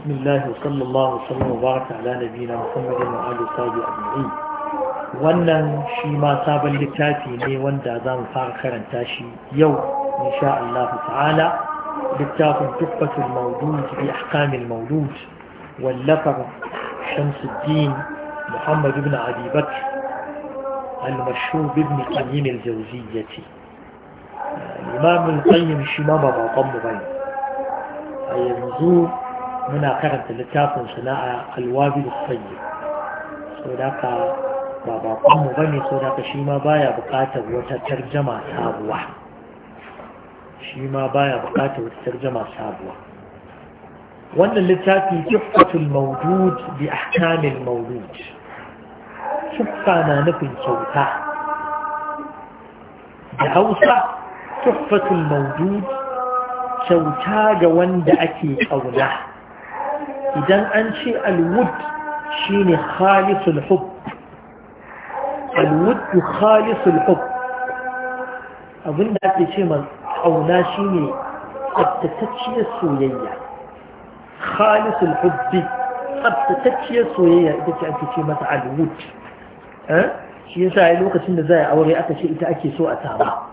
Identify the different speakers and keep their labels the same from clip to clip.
Speaker 1: بسم الله وصلى الله وسلم وبارك على نبينا محمد وآله وصحبه أجمعين wannan shi ma sabon littafi ne wanda za mu fara karanta shi yau insha Allah ta'ala littafin tuffatul mawdud bi ahkamil mawdud wallafar Shamsuddin Muhammad ibn Abi Bakr al-Mashhub ibn Qayyim al-Jawziyyah Imam al-Qayyim shi ma ba bakon mu bane a yanzu muna karanta littafin sana'a a alwabi da tsaye so da ka ba bakonmu ba ne so da ka shi ma baya bukatar wata tarjama sabuwa shi ma baya bukatar wata tarjama sabuwa wannan littafi kifatul maudud bi ahkamin maudud kifa na nufin kyauta da hausa kifatul maudud kyauta ga wanda ake ƙauna إذا أنشئ الود شين خالص الحب الود خالص الحب أظن ذلك شيء من حونا شين أبتتتشي السوية خالص الحب أبتتتشي السوية إذا كنت شيء من الود أه؟ shi yasa a lokacin da za a aure aka ce ita ake so a tara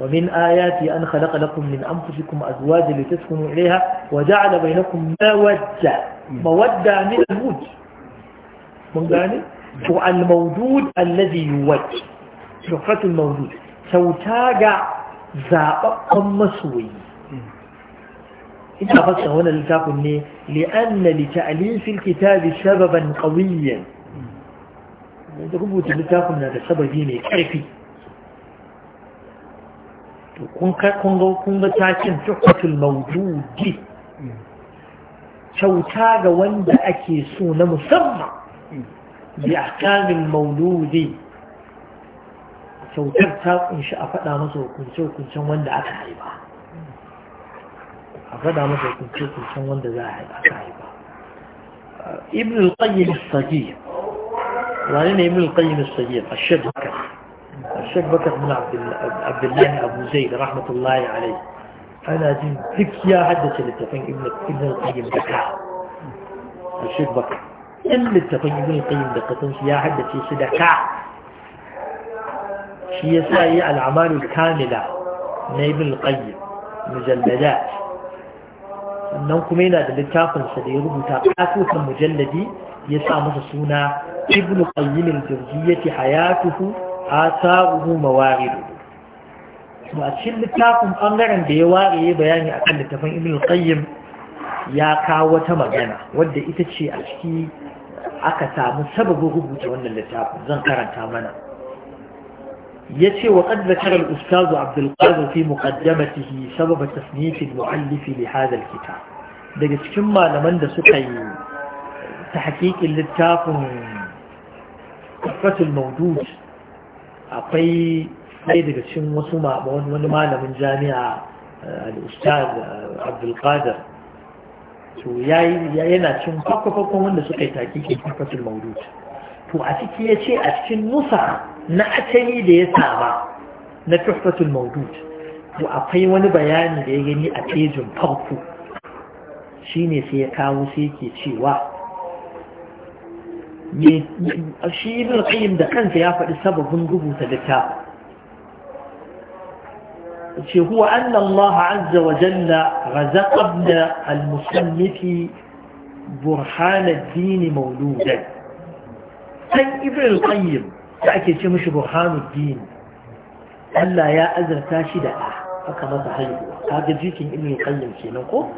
Speaker 1: ومن آياتي أن خلق لكم من أنفسكم أزواجا لتسكنوا إليها وجعل بينكم مودة مودة من الوجه من قال الموجود الذي يوجه شفرة الموجود سوتاقع زابقا مسوي إن فصل هنا لتقل لأن لتأليف الكتاب سببا قويا rubuta littafin na da sababi mai ƙarfi to kun ga takin tuhfatul maududi, kyauta ga wanda ake so na musamman bi akamin mauludi kyautar ta kunshi a faɗa masa hukunce-hukuncen wanda aka haifa a faɗa masa hukunce-hukuncen wanda za a haifa ibn al-qayyim as-saghir وعلينا ابن القيم الصديق الشيخ بكر الشيخ بكر بن عبد الله أبو زيد رحمة الله عليه أنا ذك يا حدث للتفين ابن ابن القيم دكا الشيخ بكر إن للتفين ابن القيم بكر يا حدث سدكا شي يسأل الأعمال الكاملة من ابن القيم مجلدات sannan kuma yana da سديرو da مجلدي يسعى katotan mujalladi ibn qayyim tarjiyati hayatuhu asabu mawarid to a cikin littafin bangaren da ya ware wariye bayani akan littafin ibn qayyim ya kawo wata magana Wadda ita ce a ciki aka samu sababin rubuta wannan littafin zan karanta mana yace wa qad zakara al-ustaz abd al-qadir fi muqaddamatihi sabab tasnif al-mu'allif li hadha al-kitab daga cikin malaman da suka yi ta tahqiqin littafin kafatul maudud akwai sai daga cikin wasu wani malamin jami'a eh, al-ustaz eh, abdul to yana cin fakko wanda suka yi takikin kafatul maudud to a ciki ya ce a cikin musa na asali da ya saba na tuhfatul maudud to akwai wani bayani da ya gani a kejin farko shine sai ya kawo sai ke cewa shi ibn qayyim da kansa ya faɗi sababin rubuta littafin ce huwa anna Allah azza wa jalla razaqna al-musannifi burhan ad-din mawludan sai ibn qayyim da ake ce mishi burhan ad-din Allah ya azarta shi da aka masa haihuwa kaga jikin ibn qayyim kenan ko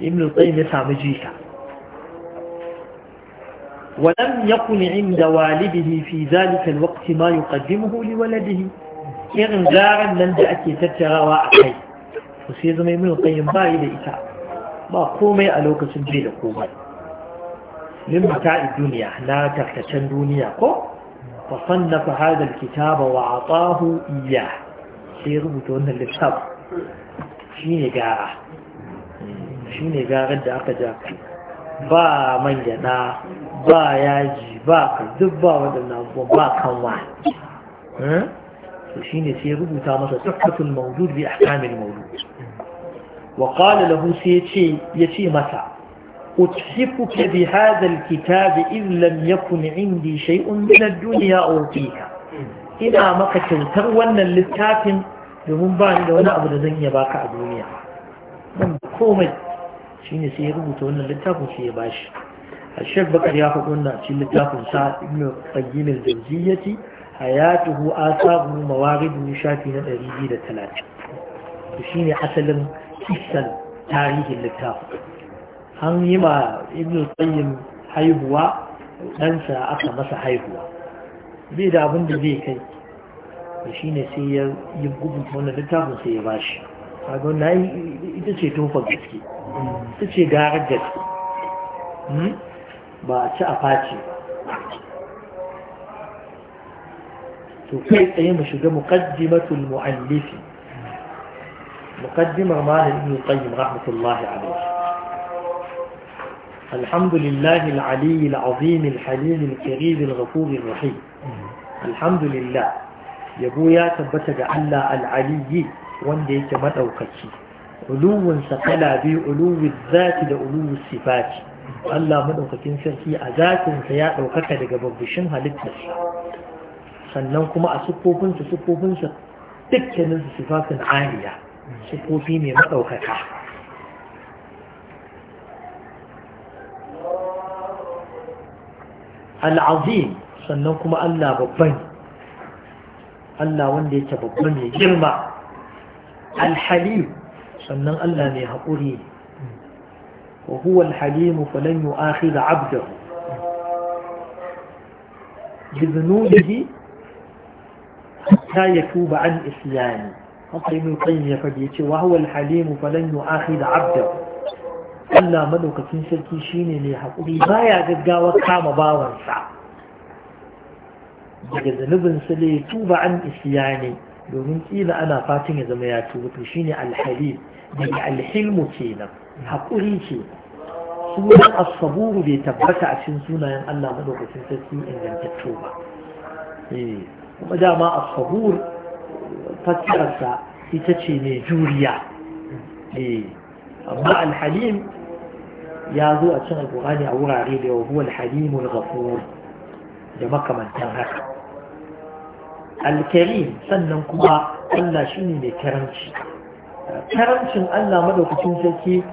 Speaker 1: ibn qayyim ya samu jika ولم يكن عند والده في ذلك الوقت ما يقدمه لولده irin gyaran nan da ake tattarawa a kai to sai zama mai kayan bayi da ita ba komai a lokacin bai da komai min mata'i duniya na tarkacen duniya ko fa na fahadar alkitaba wa atahu iya sai rubuta wannan littafi shine gara shine garar da aka ja ba man ba yaji ba ka duk ba waɗannan abubuwa ba kanwa eh? to shine sai rubuta masa tuhfatul mawdud bi ahkamil mawdud wa qala lahu sai yace yace masa أتحفك بهذا الكتاب إذ لم يكن عندي شيء من الدنيا أوتيك Ina maka kyautar wannan littafin domin ba ni da wani abu da zan iya baka a duniya ban komai shine sai ya rubuta wannan littafin sai ya bashi الشيخ بكر ياخذ قلنا في لتاف ساعة ابن قيم الجوزية حياته آثار مواغد نشاكين الأريبي لثلاثة وشيني أسل كسا تاريخ اللتاف هم يما ابن القيم حيبوا أنسى أكا مسا حيبوا بيدا بند بيك وشيني سير يبقوا من اللتاف سيباشي أقول ناي إتسي توفى جسكي إتسي دارك جسكي ba a ci a face to kai tsaye mu shiga muqaddimatul mu'allifi muqaddimar malam ibn qayyim rahmatullahi alayhi الحمد لله العلي العظيم الحليم الكريم الغفور الرحيم الحمد لله yabo ya tabbata ga Allah alaliyyi wanda yake maɗaukaci, uluwinsa kala biyu uluwin zati da uluwin sifati, Allah madaukakin sarki a zatinsa ya ɗaukaka daga babbishin halittarsa sannan kuma a siffofinsa siffofinsa dukkanin su sifafin aliya siffofi ne maɗaukaka al'azim sannan kuma Allah babban Allah wanda yake babban ya girma al sannan Allah mai haƙuri وهو الحليم فلن يؤاخذ عبده بذنوبه لا يتوب عن إسلامه ابن القيم يفديك وهو الحليم فلن يؤاخذ عبده الله ملك في شركي شيني لي حقوقي ما يعجبك وقام باون سعى جاكد نبن سلي توب عن إسلامه دون إذا أنا فاتن إذا ما يتوب الحليم يعني الحلم كينك haƙuri ce sunan asaburu bai tabbata a cikin sunayen Allah madaukakin sarki ingantattu ba eh, kuma dama asabur fassararsa ita ce mai juriya eh, amma alhalim ya zo a cin alƙur'ani a wurare da yawa huwa alhalimul ghafur da makamantan haka alkarim sannan kuma Allah shine mai karanci karancin Allah madaukakin sarki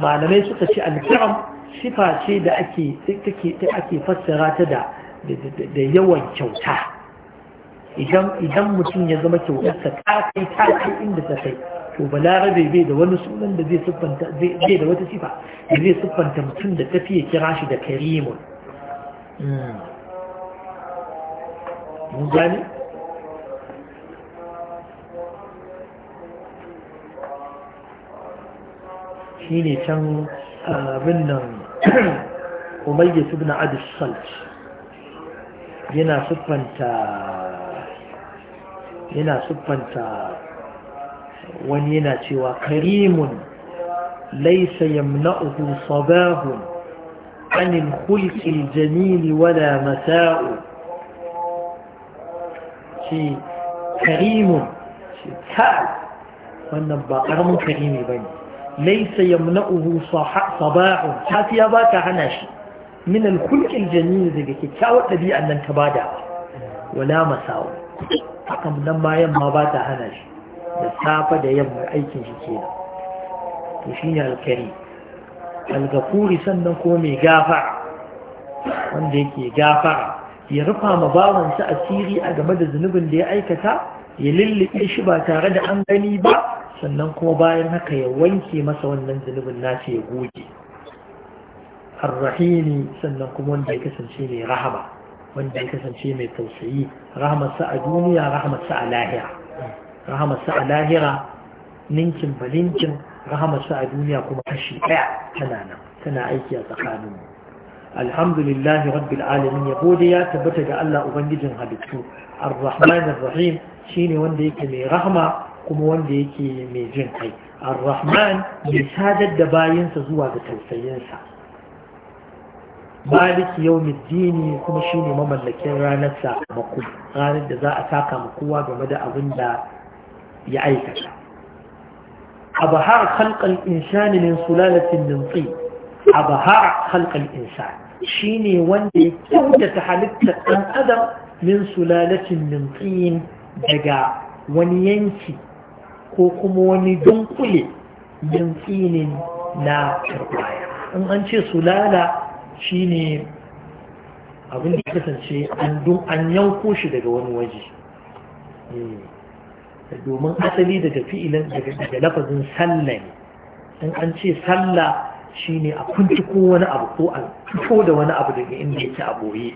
Speaker 1: malamai suka ce alkiram sifa ce da ake ake fassara ta da da yawan kyauta idan idan mutum ya zama kyautarsa ta kai ta kai inda ta kai to balarabe bai da wani sunan da zai siffanta zai da wata sifa da zai siffanta mutum da ya kira shi da karimun hmm. mun gane shine can eh, abin nan kuma ibn abd salt yana siffanta yana siffanta wani yana cewa karimun laisa yamna'uhu sabahun anil khulqil jamil wada mata'u karimun ce ta wannan ba karamin karimi bane laysa yamna'uhu sabahu safiya ba ta hana shi min al-khulqil jamil daga kyakkyawar dabi'an nan ta bada wala masawo hakan nan ma yamma ba ta hana shi da safa da yamma aikin shi kenan to shine alkari al sannan ko mai gafara wanda yake gafara ya rufa ma bawansa asiri a game da zunubin da ya aikata ya lulluɓe shi ba tare da an gani ba sannan kuma bayan haka ya wanke masa wannan zunubin nace ya goge arrahimi sannan kuma wanda ya kasance mai rahama wanda ya kasance mai tausayi rahamarsa a duniya rahamarsa a lahira rahamarsa a lahira ninkin balinkin rahamarsa a duniya kuma kashi ɗaya tana nan tana aiki a tsakaninmu alhamdulillahi rabbil alamin ya gode ya tabbata ga Allah ubangijin halittu arrahmanir rahim shine wanda yake mai rahama kuma wanda yake mai jin kai ar-rahman ya sadar da bayansa zuwa ga tausayinsa maliki yau dini kuma ne mamallakin ranar sakamako ranar da za a saka ma kowa game da abin da ya aikata abahar khalqal insani min sulalatin min tin abahar khalqal insani shine wanda ya kyautata halittar ɗan adam min sulalatin min daga wani yanki ko kuma wani dunkule min tsinin na turbaya in an ce sulala shine abin da kasance an yanko shi daga wani waje eh, domin asali daga fi'ilin daga lafazin sallah ne in an ce sallah shine a ko wani abu ko a fito da wani abu daga inda yake a boye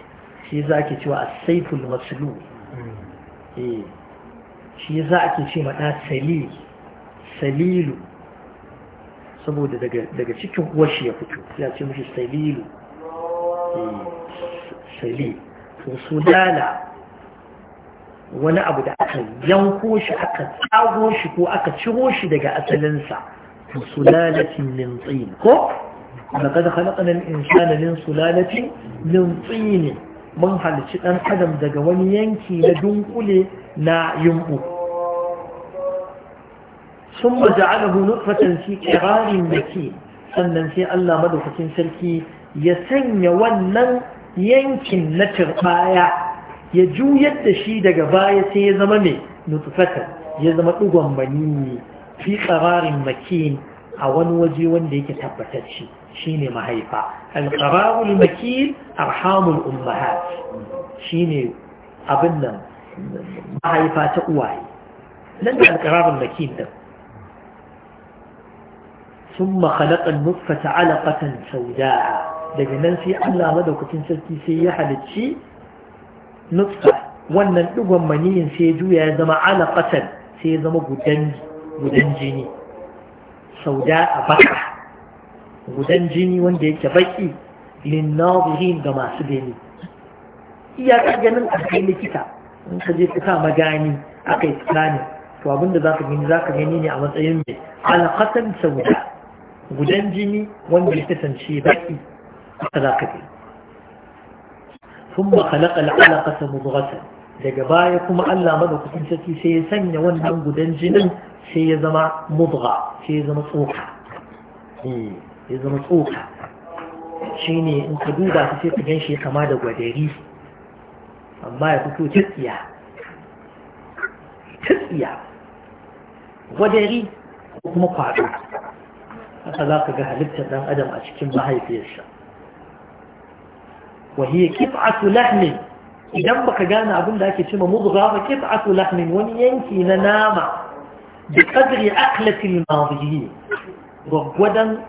Speaker 1: shi zaki cewa a saiful maslu hmm. eh. shi yasa ake ce mata salil salilu saboda daga cikin uwashi ya fito ya ce mishi salilu eh, salil su sulala wani abu da aka yanko shi aka tsago shi ko aka ciro shi daga asalinsa to sulalatin min tsin ko لقد خلقنا الإنسان من سلالة Mun طين من adam daga wani yanki na dunkule. na yumɓu sun ba ja'alahu nutfatan fi qirarin maki sannan sai Allah madaukakin sarki ya sanya wannan yankin na turbaya ya juyar da shi daga baya sai ya zama mai nutfata ya zama ɗugon bani fi qirarin makin a wani waje wanda yake Shi shine mahaifa al-qararul makin arhamul Shi shine abin nan mahaifa ta uwaye nan da alƙararin makin din ثم خلق النطفة علقة sauda. daga nan sai Allah madaukakin sarki sai ya halicci nutfa wannan digon maniyin sai juya ya zama alaqatan sai ya zama gudan jini sauda a baka gudan jini wanda yake baki lin nazihin ga masu gani iya ganin a likita in ka je ka sa magani aka yi tsakanin to abinda za ka gani za ka gani ne a matsayin mai alaƙatan sauda gudan jini wanda ya kasance baki haka za ka gani ثم خلق العلقة مضغة daga baya kuma Allah madaukakin sarki sai ya sanya wannan gudan jinin sai ya zama mudgha sai ya zama tsoka eh, ya zama tsoka Shi shine in ka duba sai ka ganshi kama da gwadari amma ya fito tsiya tsiya wadari ko kuma kwado haka za ka ga halittar ɗan adam a cikin mahaifiyarsa وهي kif'atu لحم idan baka gane abin da ake cewa mudgha fa kif'atu lahmin wani yanki na nama bi qadri aqlatil madiyi gwagwadan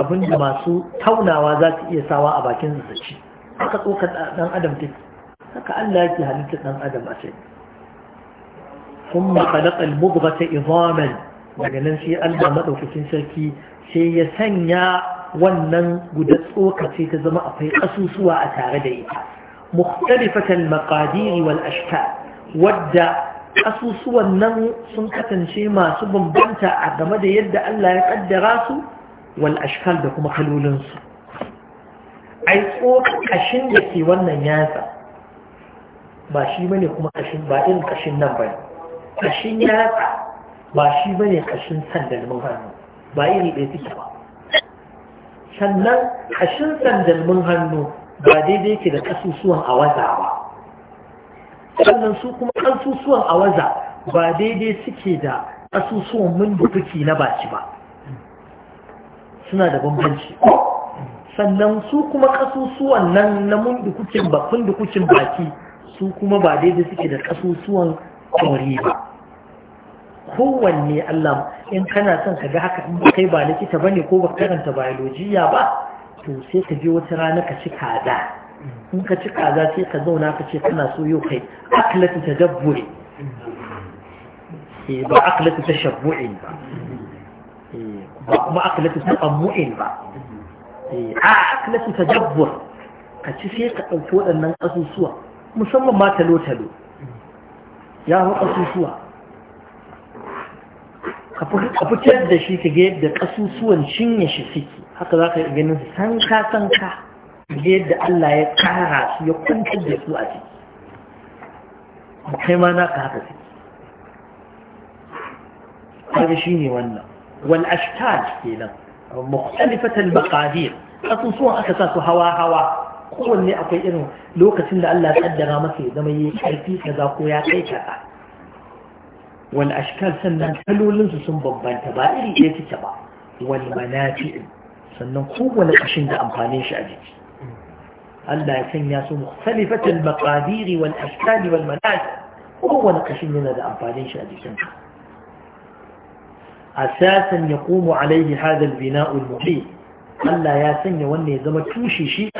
Speaker 1: abin da masu taunawa za su iya sawa a bakin zuci haka tsokar dan adam take haka Allah yake halitta ɗan adam a sai ثم خلق المضغة عظاما daga nan sai Allah madaukakin sarki sai ya sanya wannan guda sai ta zama akwai kasusuwa a tare da ita mukhtalifatan maqadir wal wadda ƙasusuwan nan sun kasance masu bambanta a game da yadda Allah ya kaddara su wal ashkal da kuma kalolin su ai tsokashin da ke wannan yatsa ba shi bane kuma kashin ba irin kashin nan bane kashin ta ba shi bane kashin sandalmin hannu ba iri ɗaya suke ba sannan kashin sandalmin hannu ba daidai ke da kasusuwan a waza ba sannan su kuma kasusuwan a waza ba daidai suke da kasusuwan kuke na baki ba suna da bambanci sannan su kuma kasusuwan nan na kuke baki su kuma ba daidai suke da kasusuwan kori ba kowanne Allah in kana son ka ga haka in kai ba likita ba ne ko ba karanta biologiya ba to sai ka je wata rana ka ci kaza in ka ci kaza sai ka zauna ka ce kana so yau kai aklatu ta dabbure eh, ba aklatu ta shabbu'in ba eh, ba kuma aklatu ta tsammu'in ba eh, a aklatu ta dabbur ka ci sai ka ɗauki waɗannan ƙasusuwa musamman ma talo-talo ya hau ƙasusuwa ka fitar da shi ka ga yadda ƙasusuwan cinye shi suke haka za ka yi ganin su sanka ka ga yadda Allah ya kara su ya kwantar da su a ciki kai ma ka haka su kaga shi ne wannan wal ashtal kenan mukhtalifat al maqadir ƙasusuwan aka sa su hawa-hawa kowanne akwai irin lokacin da Allah ya kaddara masa ya zama yi karfi za ko ya kai kaza wal ashkal sannan kalolin sun bambanta ba iri ɗaya suke ba wal manafi'in sannan kowanne ƙashin da amfanin shi a jiki Allah ya sanya su mukhtalifatul maqadir wal ashkal wal manafi kowanne ƙashin yana da amfanin shi a jikin asasan yaqumu alayhi hadha al bina'u al muhit Allah ya sanya wannan ya zama tushe shi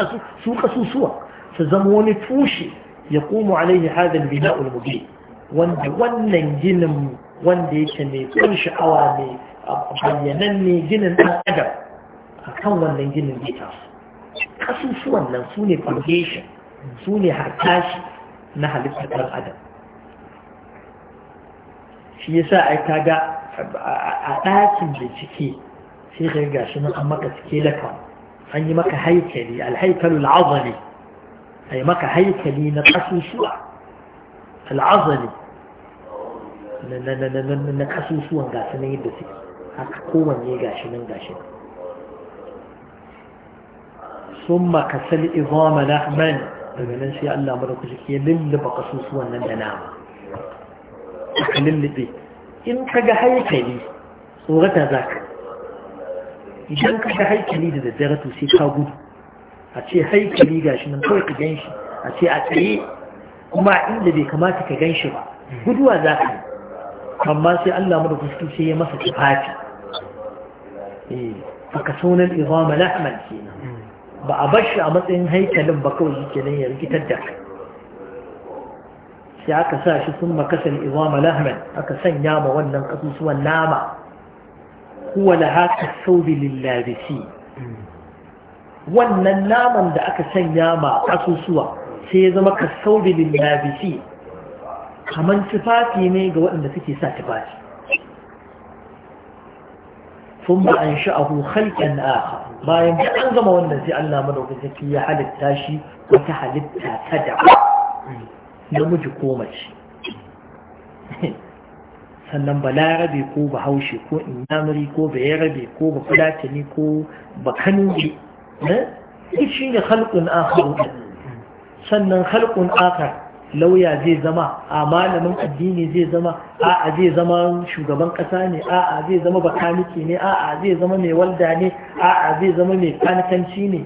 Speaker 1: su kasusuwa su zama wani tushe ya komo alaihi hadal bina ulmubi wanda wannan ginin wanda yake mai kun sha'awa mai bayyanan ne ginin ɗan adam a kan wannan ginin zai taso kasusuwan nan su ne foundation su ne harkashi na halittar ɗan adam shi yasa ai kaga a ɗakin bincike sai ka ga shi nan an maka cike an yi maka haikali alhaikalu al'azali a yi maka haikali na ƙasusuwa al'azali na kasusuwan gasu nan yadda haka kowanne gashi nan gashi nan ثم كسل إظام لحما فمن شاء الله مركو شكي للب قصوص ونن نام للب إن كجا هيكلي صورة ذاك idan ka ga haikali da daddare to sai ka gudu a ce haikali ga shi nan kawai ka gan shi a ce a tsaye kuma inda bai kamata ka gan shi ba guduwa za ka yi amma sai Allah mu da fuski sai ya masa tufafi eh aka sunan izama lahman kenan ba a bar shi a matsayin haikalin ba kawai yake nan ya rikitar da sai aka sa shi sun makasar izama lahman aka sanya ma wannan kasusuwan nama huwa na haka sauri lillabisi wannan naman da aka sanya ma asusuwa sai ya zama ka sauri lillabisi kamar tufafi ne ga waɗanda suke sa tufafi sun ba an sha ahu bayan da an gama wannan sai allah mana wata ya halitta shi wata halitta tada, namiji ko mace sannan balarabe ko bahaushe ko inyamuri ko bayarabe ko bafulatani ko bakanuri eh? duk shi ne halkun akar sannan halkun akar lauya zai zama a malamin addini zai zama a a zai zama shugaban kasa ne a a zai zama bakanike ne a a zai zama mai walda ne a a zai zama mai kanikanci ne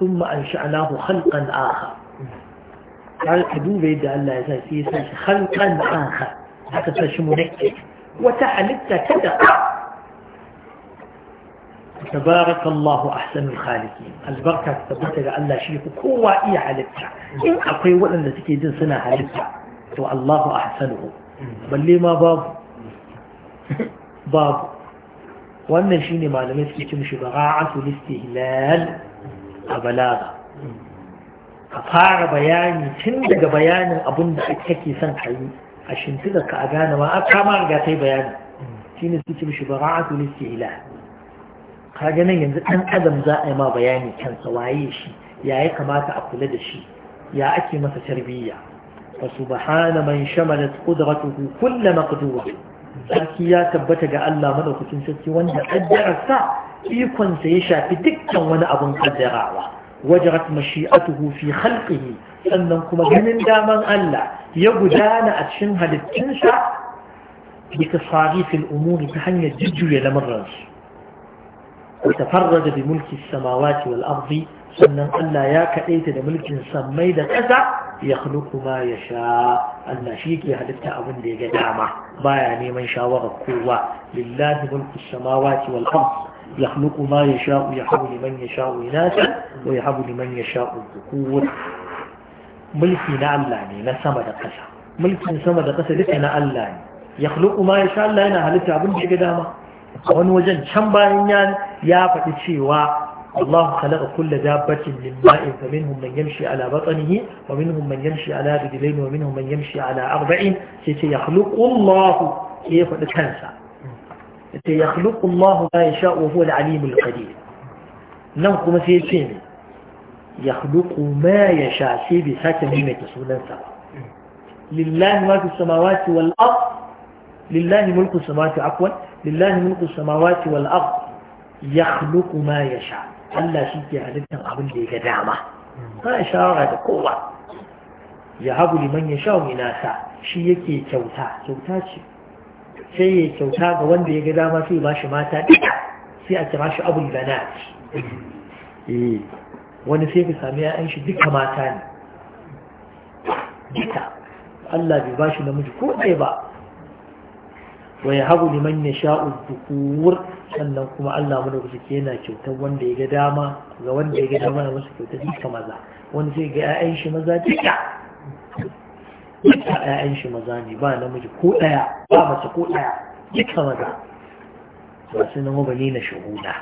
Speaker 1: sun ma'an sha'anahu halkan akar ka duba yadda Allah ya sa shi halkan aka. aka san shi munake wata halitta ta da albarka ta tabbata ga Allah shi ku kowa halitta in akwai waɗanda suke jin suna halitta to Allahu ahsanuhu balle ma babu babu wannan shine malamai suke cin shi bara'atu listihlal a balaga ka fara bayani tun daga bayanin abin da kake son kai a shimfiɗa ka a gane ma aka ma riga ta yi bayani shi ne suke mishi bara'atu ka ganin yanzu ɗan adam za a yi ma bayani kansa waye shi ya yi kamata a kula da shi ya ake masa tarbiyya fa subhana man shamalat tuhu kulle maqdur sarki ya tabbata ga Allah madaukakin sarki wanda kaddararsa ikonsa sa ya shafi dukkan wani abun ƙaddarawa wajarat mashi'atuhu fi khalqihi sannan kuma ganin daman Allah ya gudana a cikin halittunsa الأمور sarifin umuri ta وتفرد بملك السماوات والأرض سنن ألا يا كأيت لملك سميد كذا يخلق ما يشاء أن شيك يهدفت قدامة بايعني من شاور القوة لله ملك السماوات والأرض يخلق ما يشاء يحب لمن يشاء إناثا ويحب لمن يشاء الذكور mulki na Allah ne na sama da ƙasa mulkin sama da ƙasa duka na Allah ne ya khluqu ma yasha Allah yana halitta abin da ya dama a wani wajen can bayan ya ya faɗi cewa Allah khalaqa kulla dabbatin min ma'in fa minhum man yamshi ala batnihi wa minhum man yamshi ala rijlayn wa minhum man yamshi ala arba'in sai ce ya khluqu Allah ya faɗi kansa sai ya khluqu Allah ma yasha wa huwa al-alim al-qadir nan kuma sai ya ce ne ya hudu ma ya shafi bi sake nuna ke sunansa ba. Lillahi ma fi samawati wal ab, lillahi mulku samawati akwai, lillahi mulku samawati wal ab, ya hudu ya sha. Allah shi ke halittar abin da ya ga dama. Ha shawara da kowa. Ya hagu liman ya shi yake kyauta, kyauta ce. Sai ya kyauta ga wanda ya ga dama sai ba shi mata ɗaya sai a kira shi abu da wani sai ka sami ya'yan shi duka mata ne duka Allah bai bashi namiji ko ɗaya ba wa ya hagu liman ya sha'u dukuwar sannan kuma Allah mu da kusa yana kyautar wanda ya ga dama ga wanda ya ga dama na masa kyautar duka maza wani sai ga ya'yan shi maza duka duka ya'yan shi maza ne ba namiji ko ɗaya ba mace ko ɗaya duka maza masu nan wani na shahuda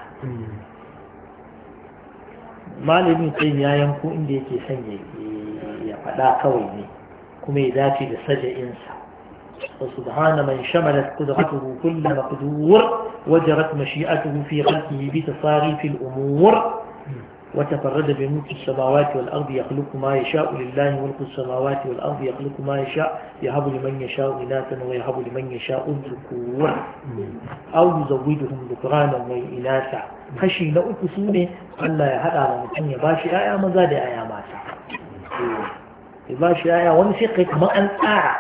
Speaker 1: malamin tsayin ya yanko inda yake son ya fada kawai ne kuma ya dace da saja'insa وسبحان من شملت قدرته كل مقدور وجرت مشيئته في خلقه بتصاريف الأمور وتفرد بملك السماوات والأرض يخلق ما يشاء لله ملك السماوات والأرض يخلق ما يشاء يهب لمن يشاء إناثا ويهب لمن يشاء الذكور أو يزودهم ذكرانا وإناثا kashi na uku su ne Allah ya haɗa wa mutum ya bashi ‘ya'ya maza da ‘ya'ya mata ya bashi ‘ya'ya wani sai kai kamar an tsara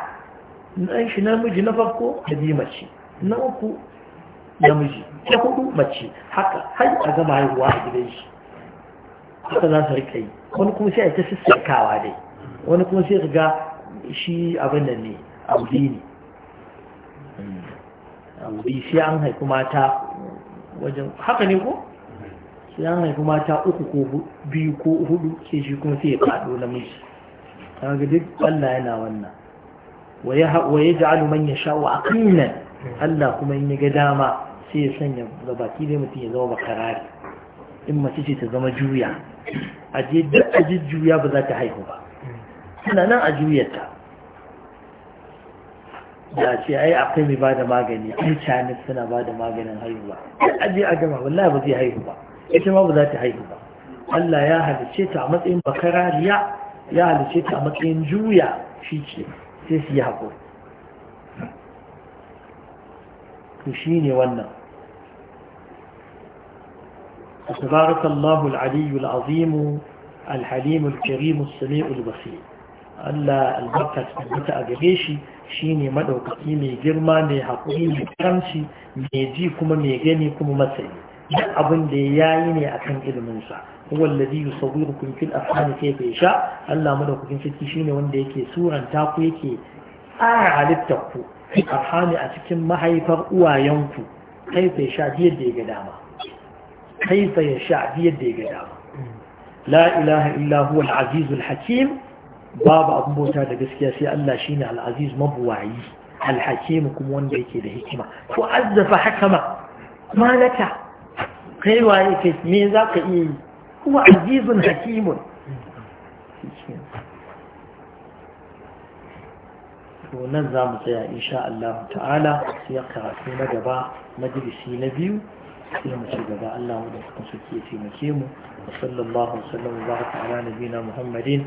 Speaker 1: ɗan shi namiji na farko da biyu mace na uku namiji na hudu mace haka har a gama haihuwa a gidan shi haka za su rika yi wani kuma sai a ta sassarkawa dai wani kuma sai ga shi abin da ne a wuri ne abu sai an haifi mata wajen haka ne ko ya haifi mata uku ko biyu ko hudu ke shi kuma sai ya faɗo namiji ga duk Allah yana wannan wa ya ja'alu man yasha'u aqilan Allah kuma in ya ga dama sai ya sanya ga baki dai mutum ya zama bakarari in mace ce ta zama juya a je juya ba za ta haihu ba tunanin nan a juyarta da ce ai akwai mai ba da magani ai canis suna ba da maganin haihuwa aje a gama wallahi ba zai haihu ba ita ma ba za ta haihu ba Allah ya halice ta a matsayin bakarariya ya halice ta a matsayin juya shi ce sai su yi haƙuri to shi ne wannan تبارك الله العلي العظيم الحليم الكريم السميع البصير Allah albarka ta tabbata a gare shi shine madaukaki mai girma mai haƙuri mai karamci mai ji kuma mai gani kuma matsayi duk abin da ya yi ne akan iliminsa huwa alladhi yusawwirukum fil afham kayfa sha. Allah madaukakin sarki shine wanda yake suranta ku yake tsara halittar ku afham a cikin mahaifar uwayenku kayfa yasha yadda ya ga dama ya ga dama la ilaha illa al-azizul hakim babu abin bauta da gaskiya sai Allah shine ne aziz mabuwayi al-hakim kuma wanda yake da hikima to azzafa hakama malaka kai waye kai me za ka iya yi kuma azizun hakimun nan za mu tsaya insha Allah ta'ala sai karatu na gaba majalisi na biyu sai mu ci gaba Allah mu da suke taimake mu sallallahu alaihi wa sallam wa baraka ala nabiyina Muhammadin